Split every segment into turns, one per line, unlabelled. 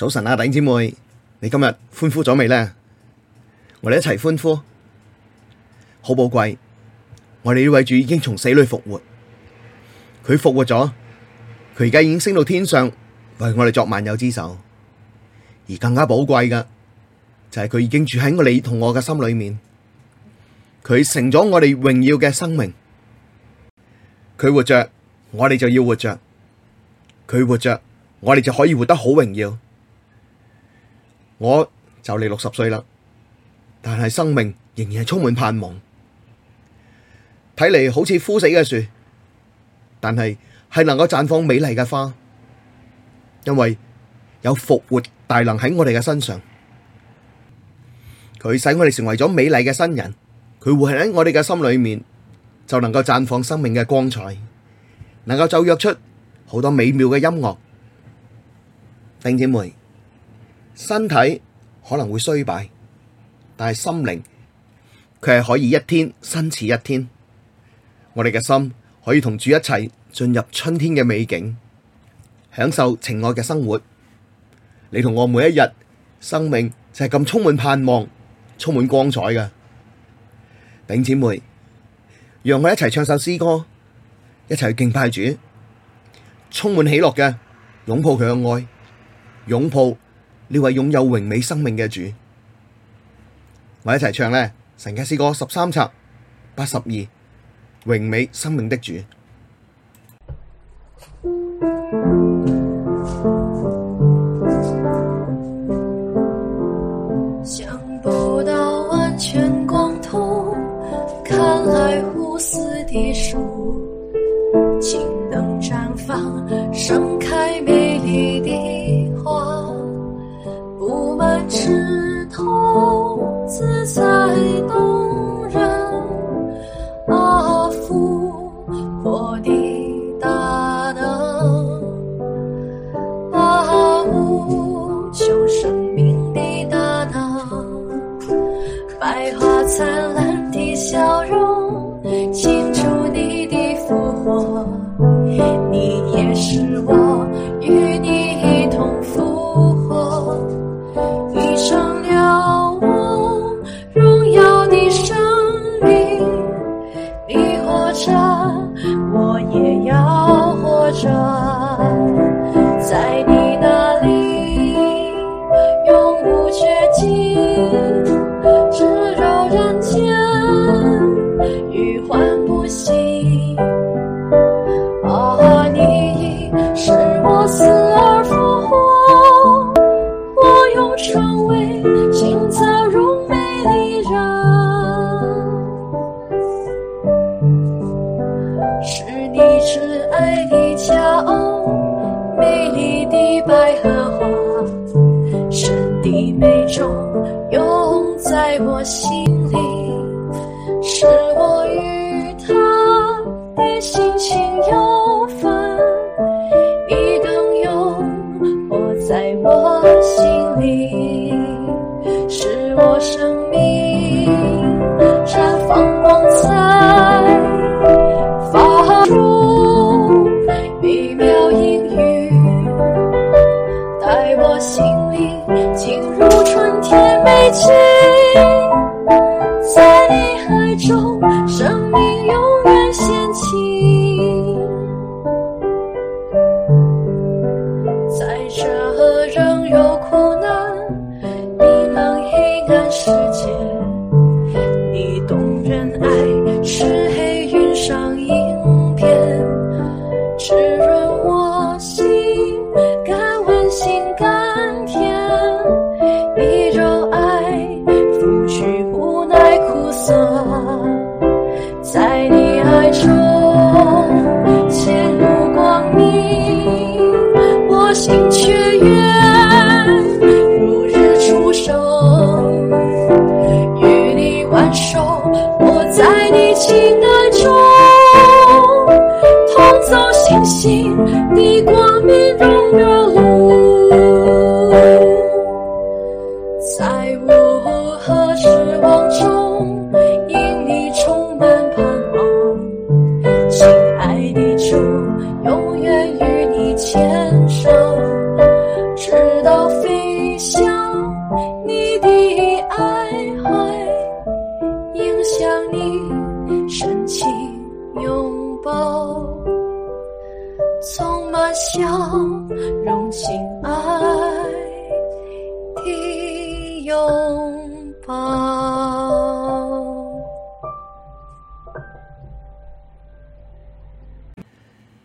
早晨啊，弟兄姊妹，你今日歡呼咗未呢？我哋一齊歡呼，好寶貴！我哋呢位主已經從死裏復活，佢復活咗，佢而家已經升到天上，為我哋作萬有之首。而更加寶貴嘅，就係、是、佢已經住喺我你同我嘅心裏面，佢成咗我哋榮耀嘅生命。佢活着，我哋就要活着；佢活着，我哋就可以活得好榮耀。我就嚟六十歲啦，但係生命仍然係充滿盼望。睇嚟好似枯死嘅樹，但係係能夠綻放美麗嘅花，因為有復活大能喺我哋嘅身上。佢使我哋成為咗美麗嘅新人，佢活喺我哋嘅心裏面就能夠綻放生命嘅光彩，能夠奏約出好多美妙嘅音樂，弟兄姊妹，身體可能會衰敗，但係心靈佢係可以一天新似一天。我哋嘅心可以同主一齊進入春天嘅美景，享受情愛嘅生活。你同我每一日生命就係咁充滿盼望，充滿光彩㗎。頂姐妹，讓我一齊唱首詩歌，一齊去敬拜主，充滿喜樂嘅，擁抱佢嘅愛，擁抱。呢位擁有榮美生命嘅主，我一齊唱咧《神家詩歌》十三冊八十二，榮美生命的主。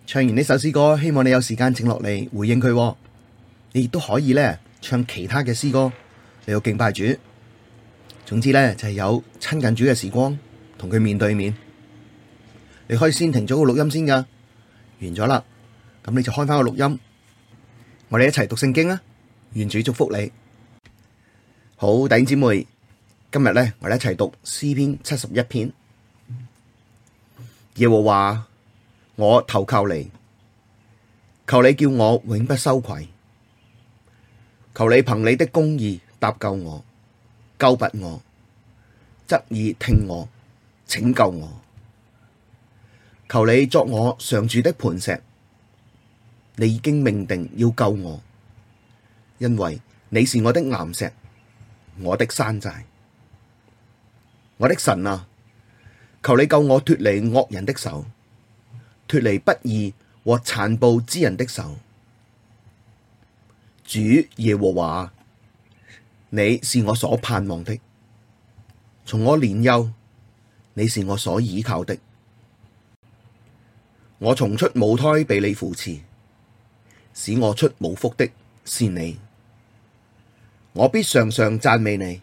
唱完呢首詩歌，希望你有時間靜落嚟回應佢。你亦都可以咧唱其他嘅詩歌嚟到敬拜主。總之咧就係、是、有親近主嘅時光，同佢面對面。你可以先停咗個錄音先噶，完咗啦。咁你就開翻個錄音，我哋一齊讀聖經啊！願主祝福你。好，弟兄姊妹，今日咧，我哋一齊讀詩篇七十一篇。耶和華，我投靠你，求你叫我永不羞愧，求你憑你的公義搭救我，救拔我，側耳聽我，拯救我，求你作我常住的磐石。你已經命定要救我，因為你是我的巖石，我的山寨，我的神啊！求你救我脱離惡人的手，脱離不義和殘暴之人的手。主耶和華，你是我所盼望的，從我年幼，你是我所倚靠的，我從出母胎被你扶持。使我出母腹的是你，我必常常讚美你。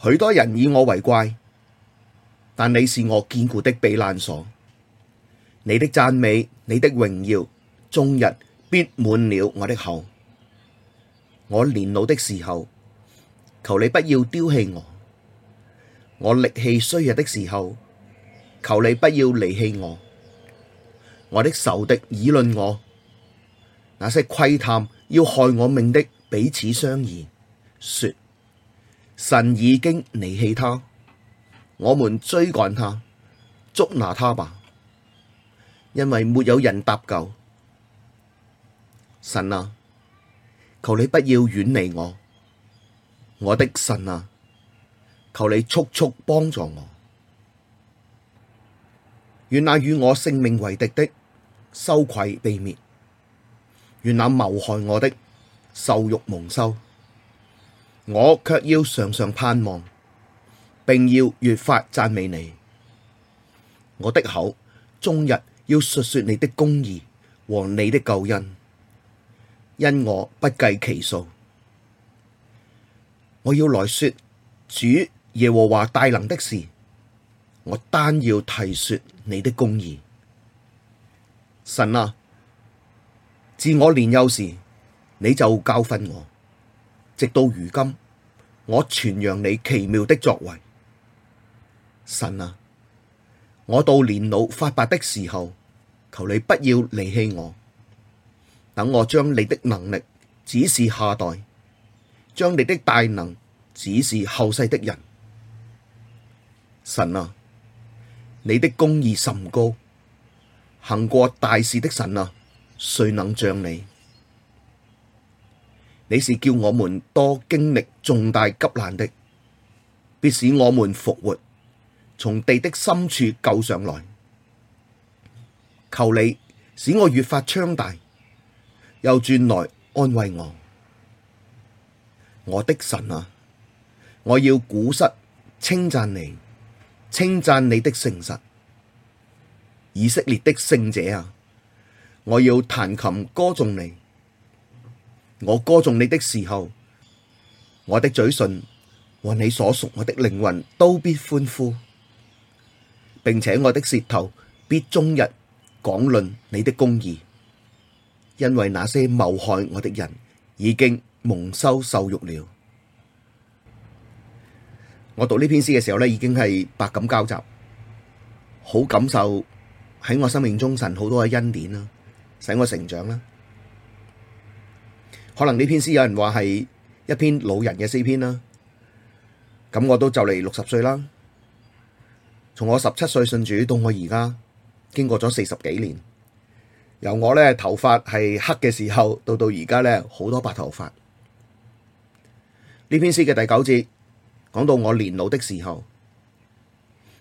許多人以我為怪，但你是我堅固的避難所。你的讚美、你的榮耀，終日必滿了我的口。我年老的時候，求你不要丟棄我；我力氣衰弱的時候，求你不要離棄我。我的仇敵議論我。那些窺探要害我命的彼此商議，說：神已經離棄他，我們追趕他，捉拿他吧，因為沒有人搭救。神啊，求你不要遠離我，我的神啊，求你速速幫助我，願那與我性命為敵的羞愧被滅。願那謀害我的受辱蒙羞，我卻要常常盼望，並要越發讚美你。我的口終日要述說你的公義和你的救恩，因我不計其數。我要來說主耶和華大能的事，我單要提說你的公義，神啊。自我年幼時，你就教訓我，直到如今，我傳揚你奇妙的作為。神啊，我到年老髮白的時候，求你不要離棄我。等我將你的能力指示下代，將你的大能指示後世的人。神啊，你的公義甚高，行過大事的神啊。誰能像你？你是叫我們多經歷重大急難的，必使我們復活，從地的深處救上來。求你使我越發昌大，又轉來安慰我。我的神啊，我要鼓瑟稱讚你，稱讚你的誠實，以色列的聖者啊！我要彈琴歌頌你，我歌頌你的時候，我的嘴唇和你所贖我的靈魂都必歡呼，並且我的舌頭必終日講論你的公義，因為那些謀害我的人已經蒙羞受辱了。我讀呢篇詩嘅時候呢，已經係百感交集，好感受喺我生命中神好多嘅恩典啦。使我成長啦。可能呢篇詩有人話係一篇老人嘅詩篇啦。咁我都就嚟六十歲啦。從我十七歲信主到我而家，經過咗四十幾年。由我咧頭髮係黑嘅時候，到到而家咧好多白頭髮。呢篇詩嘅第九節講到我年老的時候，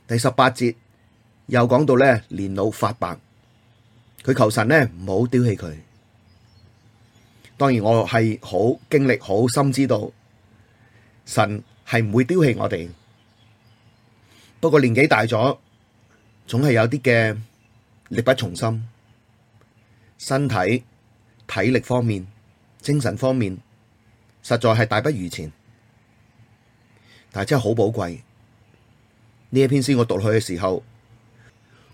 第十八節又講到咧年老髮白。佢求神呢，唔好丟棄佢。當然，我係好經歷，好深知道神係唔會丟棄我哋。不過年紀大咗，總係有啲嘅力不從心，身體、體力方面、精神方面，實在係大不如前。但係真係好寶貴。呢一篇詩我讀落去嘅時候，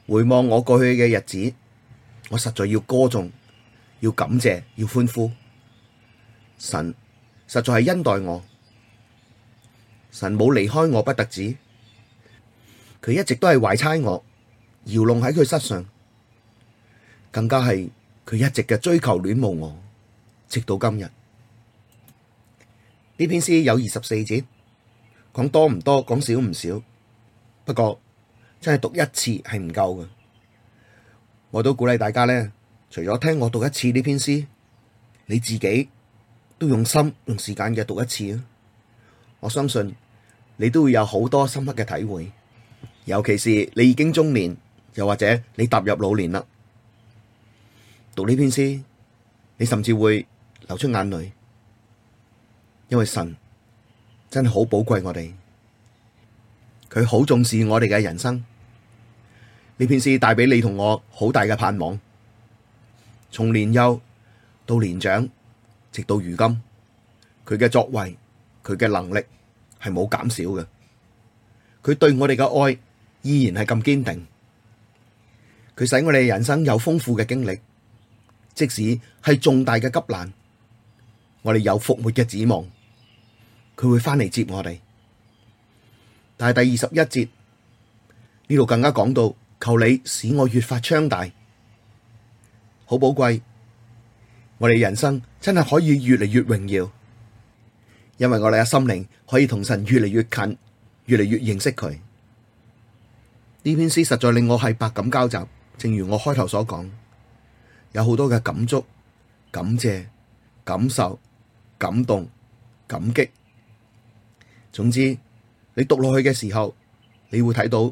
回望我過去嘅日子。我實在要歌頌，要感謝，要歡呼。神實在係恩待我，神冇離開我不特止，佢一直都係懷猜我，搖弄喺佢身上，更加係佢一直嘅追求戀慕我，直到今日。呢篇詩有二十四節，講多唔多，講少唔少，不過真係讀一次係唔夠嘅。我都鼓勵大家咧，除咗聽我讀一次呢篇詩，你自己都用心用時間嘅讀一次啊！我相信你都會有好多深刻嘅體會，尤其是你已經中年，又或者你踏入老年啦，讀呢篇詩，你甚至會流出眼淚，因為神真係好寶貴我哋，佢好重視我哋嘅人生。呢篇詩帶俾你同我好大嘅盼望，從年幼到年長，直到如今，佢嘅作為，佢嘅能力係冇減少嘅。佢對我哋嘅愛依然係咁堅定，佢使我哋人生有豐富嘅經歷，即使係重大嘅急難，我哋有復活嘅指望，佢會翻嚟接我哋。但係第二十一節呢度更加講到。求你使我越發昌大，好寶貴。我哋人生真係可以越嚟越榮耀，因為我哋嘅心靈可以同神越嚟越近，越嚟越認識佢。呢篇詩實在令我係百感交集，正如我開頭所講，有好多嘅感觸、感謝、感受、感動、感激。總之，你讀落去嘅時候，你會睇到。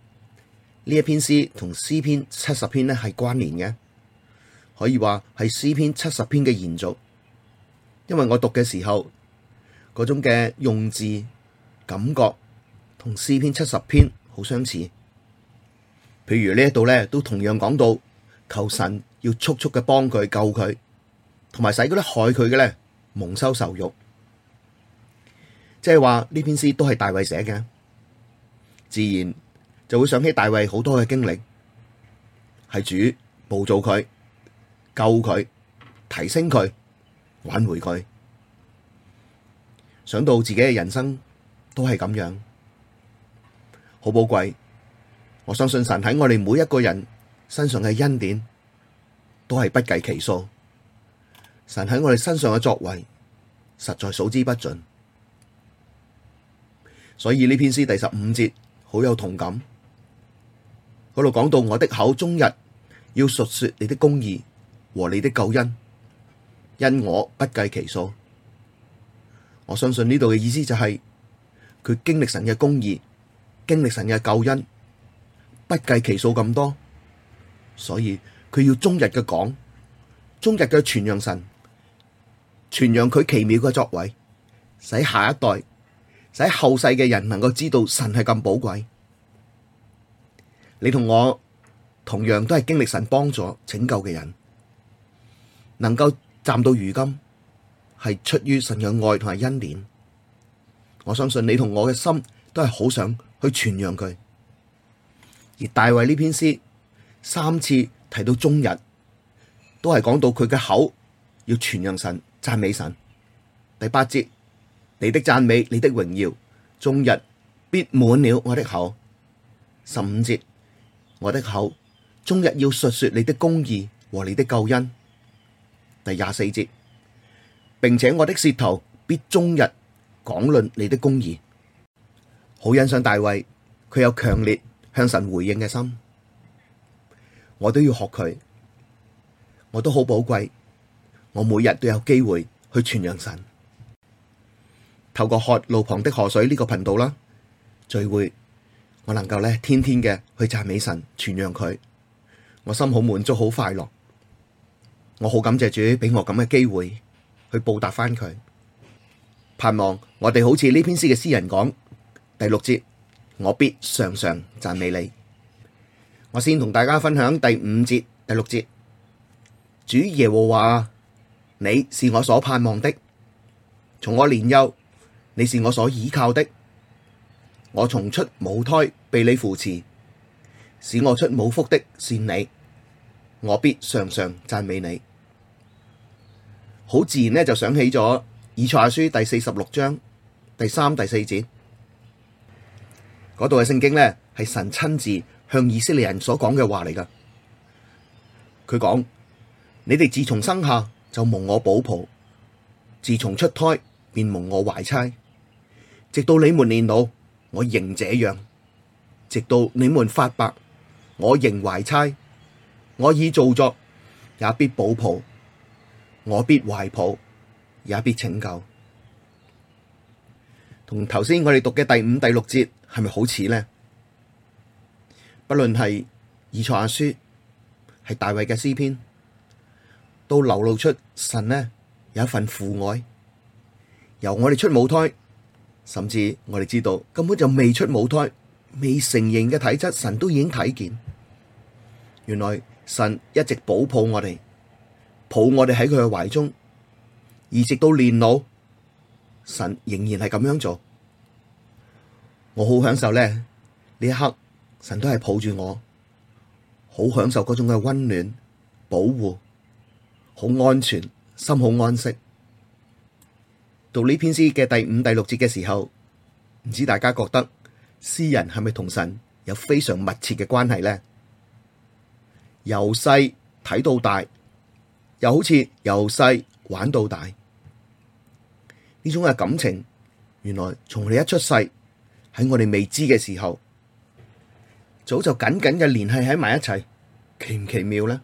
呢一篇詩同詩篇七十篇咧，係關聯嘅，可以話係詩篇七十篇嘅延續，因為我讀嘅時候嗰種嘅用字感覺同詩篇七十篇好相似。譬如呢一度咧都同樣講到求神要速速嘅幫佢救佢，同埋使嗰啲害佢嘅咧蒙羞受辱，即係話呢篇詩都係大衛寫嘅，自然。就會想起大衛好多嘅經歷，係主陶造佢救佢提升佢挽回佢，想到自己嘅人生都係咁樣，好寶貴。我相信神喺我哋每一個人身上嘅恩典都係不計其數，神喺我哋身上嘅作為實在數之不盡。所以呢篇詩第十五節好有同感。嗰度講到，我的口終日要述說你的公義和你的救恩，因我不計其數。我相信呢度嘅意思就係佢經歷神嘅公義，經歷神嘅救恩，不計其數咁多，所以佢要終日嘅講，終日嘅傳揚神，傳揚佢奇妙嘅作為，使下一代，使後世嘅人能夠知道神係咁寶貴。你同我同樣都係經歷神幫助拯救嘅人，能夠站到如今係出於神嘅愛同埋恩典。我相信你同我嘅心都係好想去傳揚佢。而大衛呢篇詩三次提到終日，都係講到佢嘅口要傳揚神、讚美神。第八節，你的讚美、你的榮耀，終日必滿了我的口。十五節。我的口終日要述說你的公義和你的救恩，第廿四節，並且我的舌頭必終日講論你的公義。好欣賞大衛，佢有強烈向神回應嘅心。我都要學佢，我都好寶貴，我每日都有機會去傳揚神。透過喝路旁的河水呢個頻道啦、聚會。我能夠咧天天嘅去讚美神，傳揚佢，我心好滿足，好快樂。我好感謝主俾我咁嘅機會去報答翻佢。盼望我哋好似呢篇詩嘅詩人講，第六節，我必常常讚美你。我先同大家分享第五節、第六節。主耶和華，你是我所盼望的，從我年幼，你是我所倚靠的。我從出母胎被你扶持，使我出母腹的是你，我必常常讚美你。好自然呢，就想起咗以賽亞書第四十六章第三、第四節，嗰度嘅聖經呢，係神親自向以色列人所講嘅話嚟噶。佢講：你哋自從生下就蒙我保抱，自從出胎便蒙我懷差，直到你們年老。我仍這樣，直到你們發白，我仍懷猜，我已造作，也必保抱；我必懷抱，也必拯救。同頭先我哋讀嘅第五、第六節係咪好似呢？不論係以賽亞書，係大衛嘅詩篇，都流露出神呢有一份父愛，由我哋出母胎。甚至我哋知道根本就未出母胎，未成型嘅體質，神都已經睇見。原來神一直保抱我哋，抱我哋喺佢嘅懷中，而直到年老，神仍然係咁樣做。我好享受呢，呢一刻，神都係抱住我，好享受嗰種嘅溫暖、保護、好安全、心好安息。讀呢篇詩嘅第五、第六節嘅時候，唔知大家覺得詩人係咪同神有非常密切嘅關係呢？由細睇到大，又好似由細玩到大，呢種嘅感情。原來從你一出世喺我哋未知嘅時候，早就緊緊嘅連繫喺埋一齊，奇唔奇妙呢？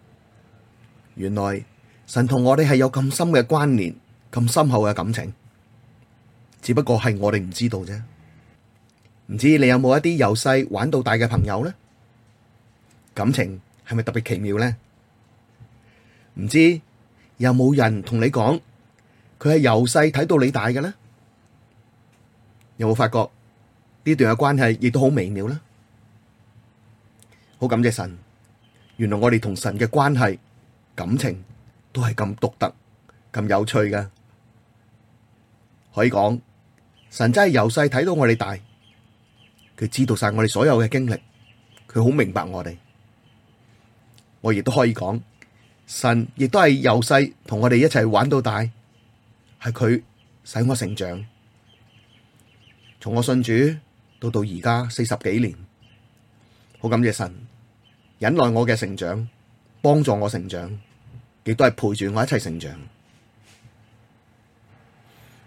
原來神同我哋係有咁深嘅關聯，咁深厚嘅感情。只不過係我哋唔知道啫，唔知你有冇一啲由細玩到大嘅朋友呢？感情係咪特別奇妙呢？唔知有冇人同你講，佢係由細睇到你大嘅呢？有冇發覺呢段嘅關係亦都好微妙呢？好感謝神，原來我哋同神嘅關係感情都係咁獨特、咁有趣㗎，可以講。神真係由細睇到我哋大，佢知道晒我哋所有嘅經歷，佢好明白我哋。我亦都可以講，神亦都係由細同我哋一齊玩到大，係佢使我成長。從我信主到到而家四十幾年，好感謝神，忍耐我嘅成長，幫助我成長，亦都係陪住我一齊成長。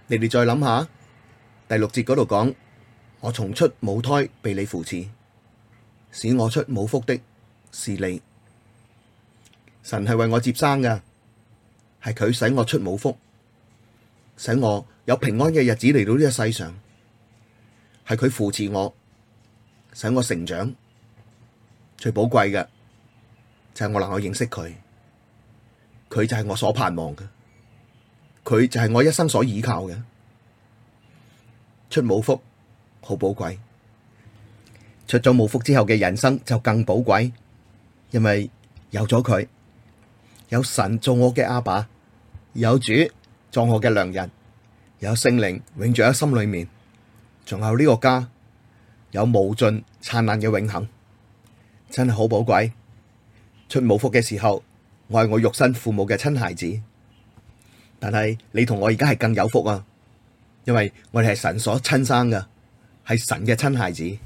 你哋再諗下。第六節嗰度講，我從出母胎被你扶持，使我出母腹的是你。神係為我接生噶係佢使我出母腹，使我有平安嘅日子嚟到呢個世上，係佢扶持我，使我成長。最寶貴嘅就係、是、我能夠認識佢，佢就係我所盼望嘅，佢就係我一生所依靠嘅。出母腹，好寶貴。出咗母腹之後嘅人生就更寶貴，因為有咗佢，有神做我嘅阿爸，有主做我嘅良人，有聖靈永住喺心裏面，仲有呢個家，有無盡燦爛嘅永恆，真係好寶貴。出母腹嘅時候，我係我肉身父母嘅親孩子，但係你同我而家係更有福啊！因為我哋係神所親生嘅，係神嘅親孩子，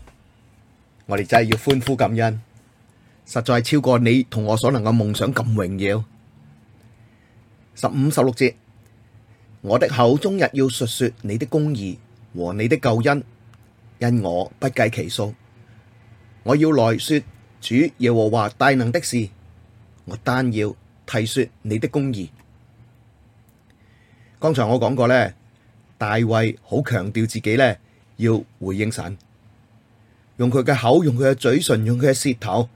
我哋真係要歡呼感恩，實在超過你同我所能嘅夢想咁榮耀。十五、十六節，我的口終日要述說你的公義和你的救恩，因我不計其數。我要來說主耶和華大能的事，我單要提說你的公義。剛才我講過呢。大衛好強調自己咧，要回應神，用佢嘅口，用佢嘅嘴唇，用佢嘅舌頭，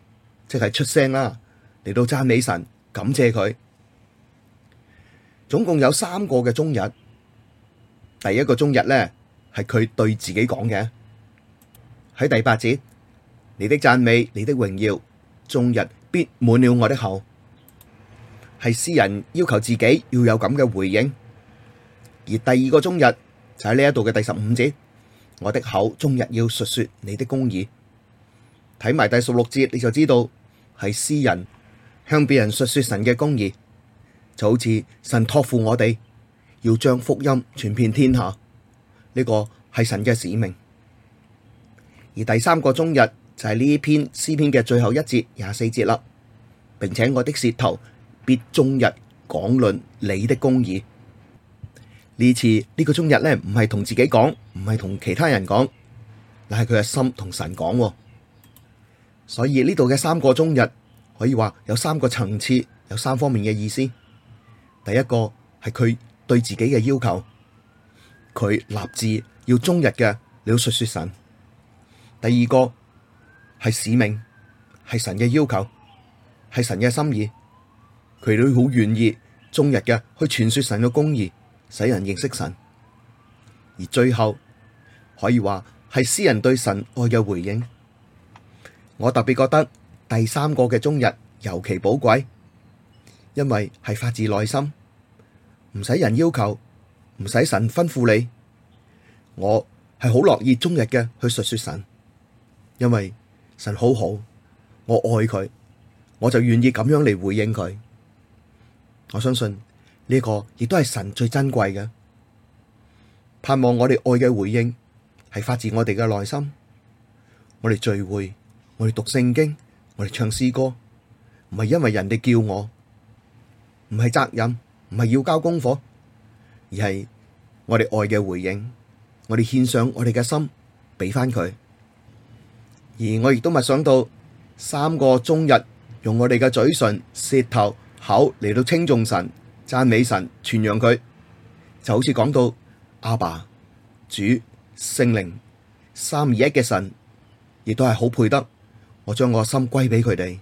即係出聲啦，嚟到讚美神，感謝佢。總共有三個嘅終日，第一個終日咧係佢對自己講嘅，喺第八節，你的讚美，你的榮耀，終日必滿了我的口，係詩人要求自己要有咁嘅回應。而第二個終日就喺呢一度嘅第十五節，我的口終日要述說你的公義。睇埋第十六節，你就知道係詩人向別人述說神嘅公義，就好似神託付我哋要將福音傳遍天下，呢、這個係神嘅使命。而第三個終日就係、是、呢篇詩篇嘅最後一節廿四節啦，並且我的舌頭必終日講論你的公義。呢次呢個終日咧，唔係同自己講，唔係同其他人講，但係佢嘅心同神講。所以呢度嘅三個終日，可以話有三個層次，有三方面嘅意思。第一個係佢對自己嘅要求，佢立志要終日嘅你要述說神。第二個係使命，係神嘅要求，係神嘅心意，佢好願意終日嘅去傳說神嘅公義。使人認識神，而最後可以話係詩人對神愛嘅回應。我特別覺得第三個嘅終日尤其寶貴，因為係發自內心，唔使人要求，唔使神吩咐你，我係好樂意終日嘅去述說神，因為神好好，我愛佢，我就願意咁樣嚟回應佢。我相信。呢個亦都係神最珍貴嘅盼望。我哋愛嘅回應係發自我哋嘅內心。我哋聚會，我哋讀聖經，我哋唱詩歌，唔係因為人哋叫我，唔係責任，唔係要交功課，而係我哋愛嘅回應。我哋獻上我哋嘅心俾翻佢。而我亦都默想到三個終日用我哋嘅嘴唇、舌頭、口嚟到稱頌神。讚美神，傳揚佢，就好似講到阿爸、主、聖靈三而一嘅神，亦都係好配得。我將我心歸俾佢哋，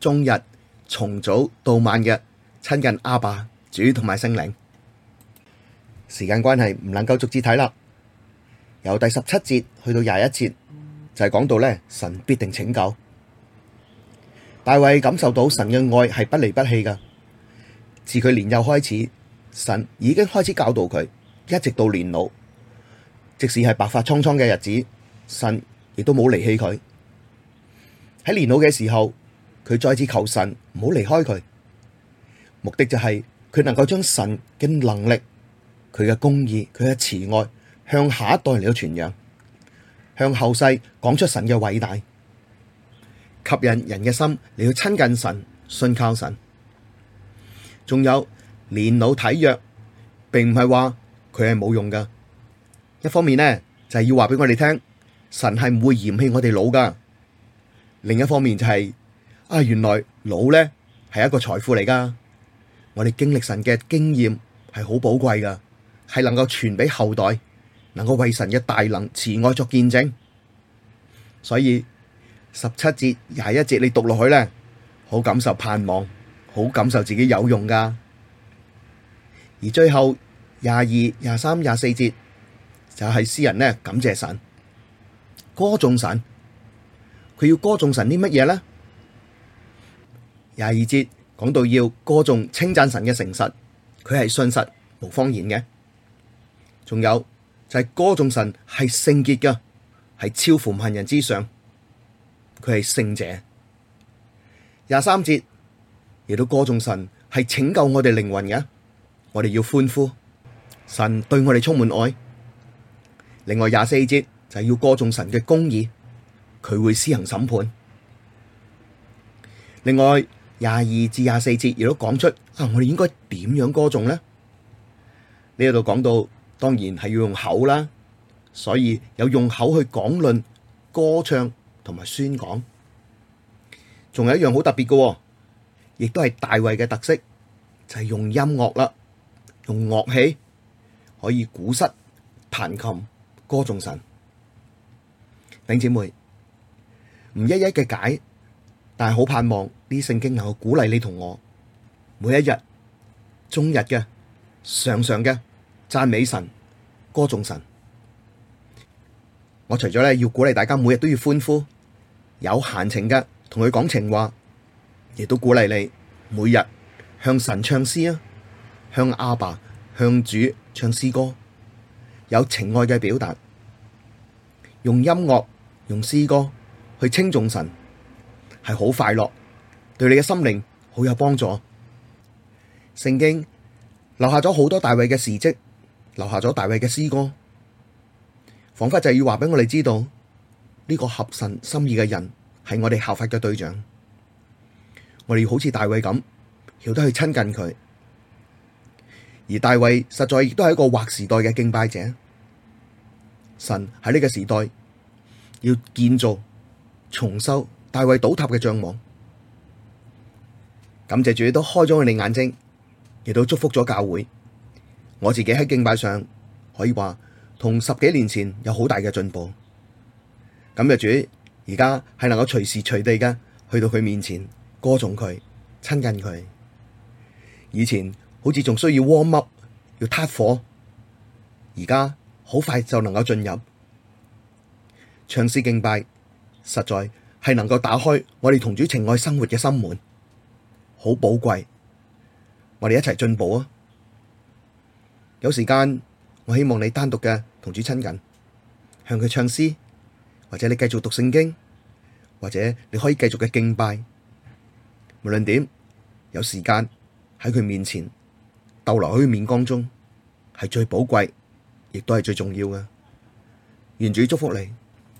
終日從早到晚嘅親近阿爸、主同埋聖靈。時間關係唔能夠逐字睇啦，由第十七節去到廿一節，就係講到咧神必定拯救。大衛感受到神嘅愛係不離不棄噶。自佢年幼開始，神已經開始教導佢，一直到年老，即使係白髮蒼蒼嘅日子，神亦都冇離棄佢。喺年老嘅時候，佢再次求神唔好離開佢，目的就係佢能夠將神嘅能力、佢嘅公義、佢嘅慈愛向下一代嚟到傳揚，向後世講出神嘅偉大，吸引人嘅心嚟去親近神、信靠神。仲有年老體弱，並唔係話佢係冇用噶。一方面呢，就係要話俾我哋聽，神係唔會嫌棄我哋老噶。另一方面就係啊，原來老呢係一個財富嚟噶。我哋經歷神嘅經驗係好寶貴噶，係能夠傳俾後代，能夠為神嘅大能慈愛作見證。所以十七節廿一節你讀落去呢，好感受盼望。好感受自己有用噶，而最後廿二、廿三、廿四節就係詩人呢感謝神，歌頌神，佢要歌頌神啲乜嘢呢？廿二節講到要歌頌稱讚神嘅誠實，佢係信實無謊言嘅，仲有就係歌頌神係聖潔嘅，係超乎萬人之上，佢係聖者。廿三節。亦都歌頌神係拯救我哋靈魂嘅，我哋要歡呼神對我哋充滿愛。另外廿四節就係要歌頌神嘅公義，佢會施行審判。另外廿二至廿四節亦都講出啊，我哋應該點樣歌頌呢？呢度講到當然係要用口啦，所以有用口去講論、歌唱同埋宣講。仲有一樣好特別嘅。亦都係大衛嘅特色，就係、是、用音樂啦，用樂器可以鼓瑟、彈琴、歌頌神。頂姐妹唔一一嘅解，但係好盼望啲聖經能夠鼓勵你同我，每一日、終日嘅、常常嘅讚美神、歌頌神。我除咗咧要鼓勵大家，每日都要歡呼，有閒情嘅同佢講情話。亦都鼓勵你每日向神唱詩啊，向阿爸、向主唱詩歌，有情愛嘅表達，用音樂、用詩歌去稱頌神，係好快樂，對你嘅心靈好有幫助。聖經留下咗好多大衛嘅事跡，留下咗大衛嘅詩歌，仿佛就係要話俾我哋知道，呢、這個合神心意嘅人係我哋效法嘅對象。我哋好似大衛咁，要都去親近佢。而大衛實在亦都係一個劃時代嘅敬拜者。神喺呢個時代要建造，重修大衛倒塌嘅帳幕。感謝主都開咗我哋眼睛，亦都祝福咗教會。我自己喺敬拜上可以話同十幾年前有好大嘅進步。感謝主，而家係能夠隨時隨地嘅去到佢面前。歌頌佢，親近佢。以前好似仲需要 warm up，要撻火，而家好快就能夠進入唱詩敬拜，實在係能夠打開我哋同主情愛生活嘅心門，好寶貴。我哋一齊進步啊！有時間，我希望你單獨嘅同主親近，向佢唱詩，或者你繼續讀聖經，或者你可以繼續嘅敬拜。無論點，有時間喺佢面前逗留，喺佢面光中，係最寶貴，亦都係最重要嘅。願主祝福你。